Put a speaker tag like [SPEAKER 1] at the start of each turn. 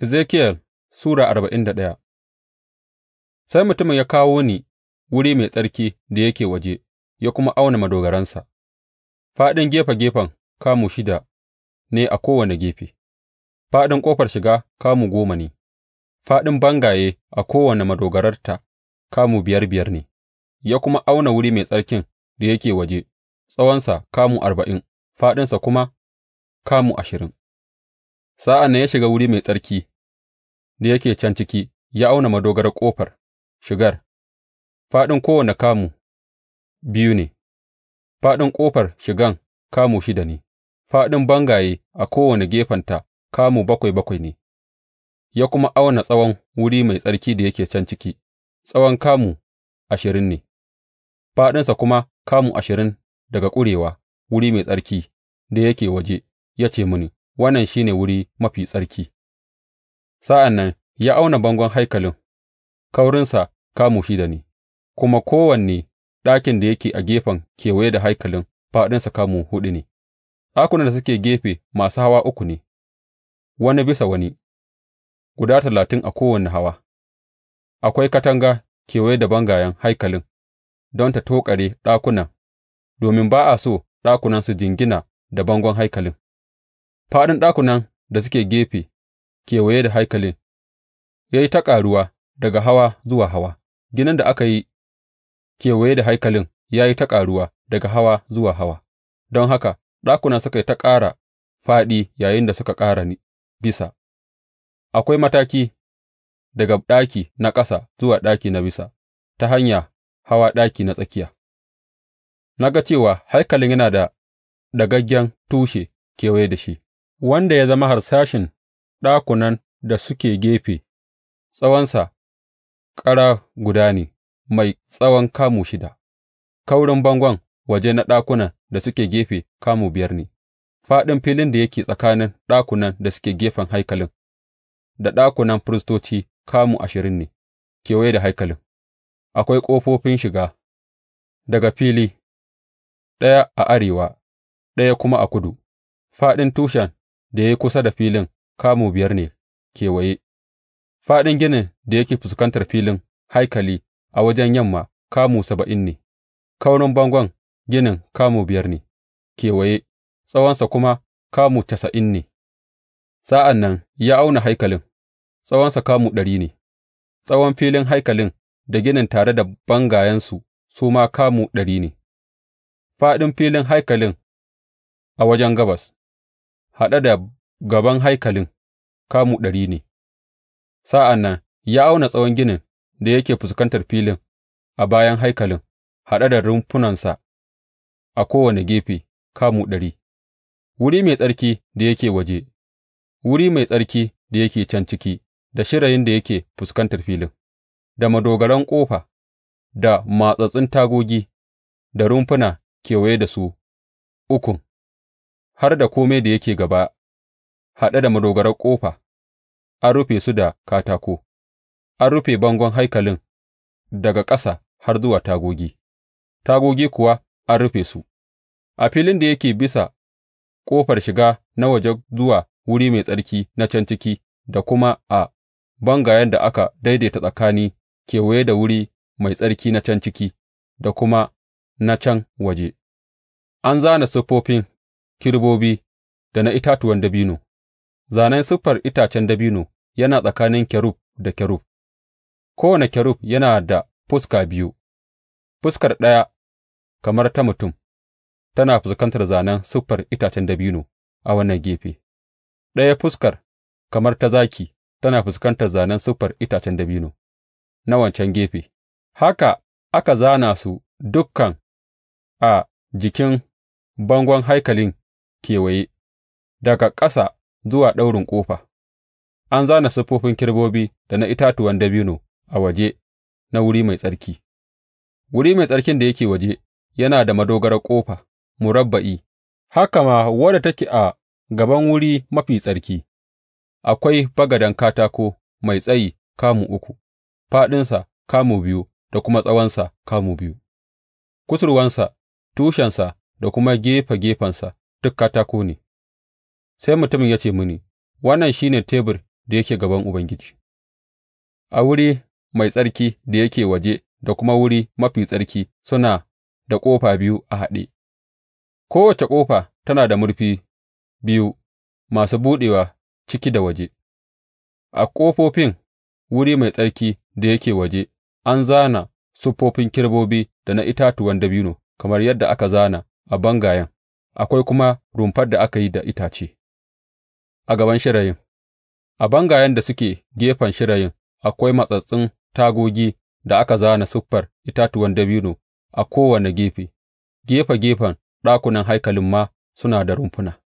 [SPEAKER 1] Ezekiyel Sura arba'in da ɗaya. Sai mutumin ya kawo ni wuri mai tsarki da yake waje ya kuma auna madogaransa, Faɗin gefe gefen kamu shida ne a kowane gefe, faɗin ƙofar shiga kamu goma ne, faɗin bangaye a kowane madogararta kamu biyar biyar ne, ya kuma auna wuri mai tsarkin da yake waje, tsawonsa kamu arba'in, faɗinsa kuma kamu ashirin. Sa'an nan ya shiga wuri mai tsarki da yake can ciki ya auna madogarar ƙofar shigar, Faɗin kowane kamu biyu ne, Faɗin ƙofar shigan kamu shida ne, Faɗin bangaye a kowane gefenta kamu bakwai bakwai ne, ya kuma auna tsawon wuri mai tsarki da yake can ciki, tsawon kamu ashirin ne, Faɗinsa kuma kamu ashirin daga ƙurewa wuri mai tsarki da yake waje, ya ce mini. Wannan shi ne wuri mafi tsarki. Sa'an nan ya auna bangon haikalin, kaurinsa kamu shida ne, kuma kowanne ɗakin da yake a gefen kewaye da haikalin faɗinsa kamu huɗu ne, ɗakunan da suke gefe masu hawa uku ne, wani bisa wani, guda talatin a kowane hawa. Akwai katanga kewaye da bangayen haikalin don ta toƙare ɗakunan, domin ba a so ɗakunan su jingina da bangon haikalin. Faɗin ɗakunan da suke gefe kewaye da haikalin ya yi ta ƙaruwa daga hawa zuwa hawa; ginin da aka yi kewaye da haikalin ya yi ta ƙaruwa daga hawa zuwa hawa, don haka ɗakunan suka yi ta ƙara faɗi yayin da suka ƙara bisa, akwai mataki daga ɗaki na ƙasa zuwa ɗaki na bisa ta hanya hawa ɗaki na tsakiya, na ga cewa haikalin yana da ɗagaggen tushe kewaye da shi. wanda ya zama harsashin ɗakunan da suke gefe, tsawonsa ƙara guda ne, mai tsawon kamu shida, kaurin bangon waje na ɗakunan da suke gefe kamu biyar ne, Faɗin filin da yake tsakanin ɗakunan da suke gefen haikalin da ɗakunan firistoci kamu ashirin ne kewaye da haikalin, akwai ƙofofin shiga daga fili, ɗaya a arewa, ɗaya kuma a kudu, Faɗin tushen da ya yi kusa da filin kamu biyar ne kewaye, fāɗin ginin da yake fuskantar filin haikali a wajen yamma kamu saba'in ne, kaurin bangon ginin kamu biyar ne kewaye, tsawonsa kuma kamu casa'in ne. Sa'an nan ya auna haikalin, tsawonsa kamu ɗari ne, tsawon filin haikalin da ginin tare da bangayensu su ma kamu ɗari ne, fāɗin filin haikalin a wajen gabas. haɗe da gaban haikalin, kamu ɗari ne, sa'an nan ya auna tsawon ginin da yake fuskantar filin a bayan haikalin, haɗe da rumfunansa a kowane gefe, kamu ɗari, wuri mai tsarki da yake waje, wuri mai tsarki da yake can ciki, da shirayin da yake fuskantar filin, da madogaran ƙofa, da matsatsun tagogi, da rumfuna kewaye da su ukun. har da kome da yake gaba haɗe da madogarar ƙofa, an rufe su da katako, an rufe bangon haikalin daga ƙasa har zuwa tagogi, tagogi kuwa an rufe su, a filin da yake bisa ƙofar shiga na waje zuwa wuri mai tsarki na can ciki da kuma a bangayen da aka daidaita tsakani kewaye da wuri mai tsarki na can ciki da kuma na can waje, an zana siffofin kerubobi da na itatuwan dabino, zanen siffar itacen dabino yana tsakanin kerub da kerub, kowane kerub yana da fuska biyu, fuskar ɗaya kamar ta mutum, tana fuskantar zanen siffar itacen dabino a wannan gefe, ɗaya fuskar kamar ta zaki tana fuskantar zanen siffar itacen dabino na wancan gefe, haka aka zana su dukkan a jikin bangon haikalin kewaye, daga ƙasa zuwa ɗaurin ƙofa, an zana siffofin kerubobi da na itatuwan dabino a waje na wuri mai tsarki, wuri mai tsarkin da yake waje yana da madogarar ƙofa murabba'i, haka ma wadda take a gaban wuri mafi tsarki, akwai bagaden katako mai tsayi kamu uku, faɗinsa kamu biyu da kuma tsawonsa kamu biyu, kusurwansa, tushensa da kuma gefe gefensa duk katako ne, sai mutumin ya ce mini, Wannan shi ne tebur da yake gaban Ubangiji, a wuri mai tsarki da yake waje da kuma wuri mafi tsarki suna da ƙofa biyu a haɗe, kowace ƙofa tana da murfi biyu masu buɗewa ciki da waje, a ƙofofin wuri mai tsarki da yake waje an zana siffofin kirbobi da na itatuwan dabino kamar yadda aka zana a bangayen. akwai kuma rumfar da aka yi da itace a gaban shirayin, a bangayen da suke gefen shirayin akwai matsattsun tagogi da aka zana siffar itatuwan dabino a kowane gefe, gefe gefen ɗakunan haikalin ma suna da rumfuna.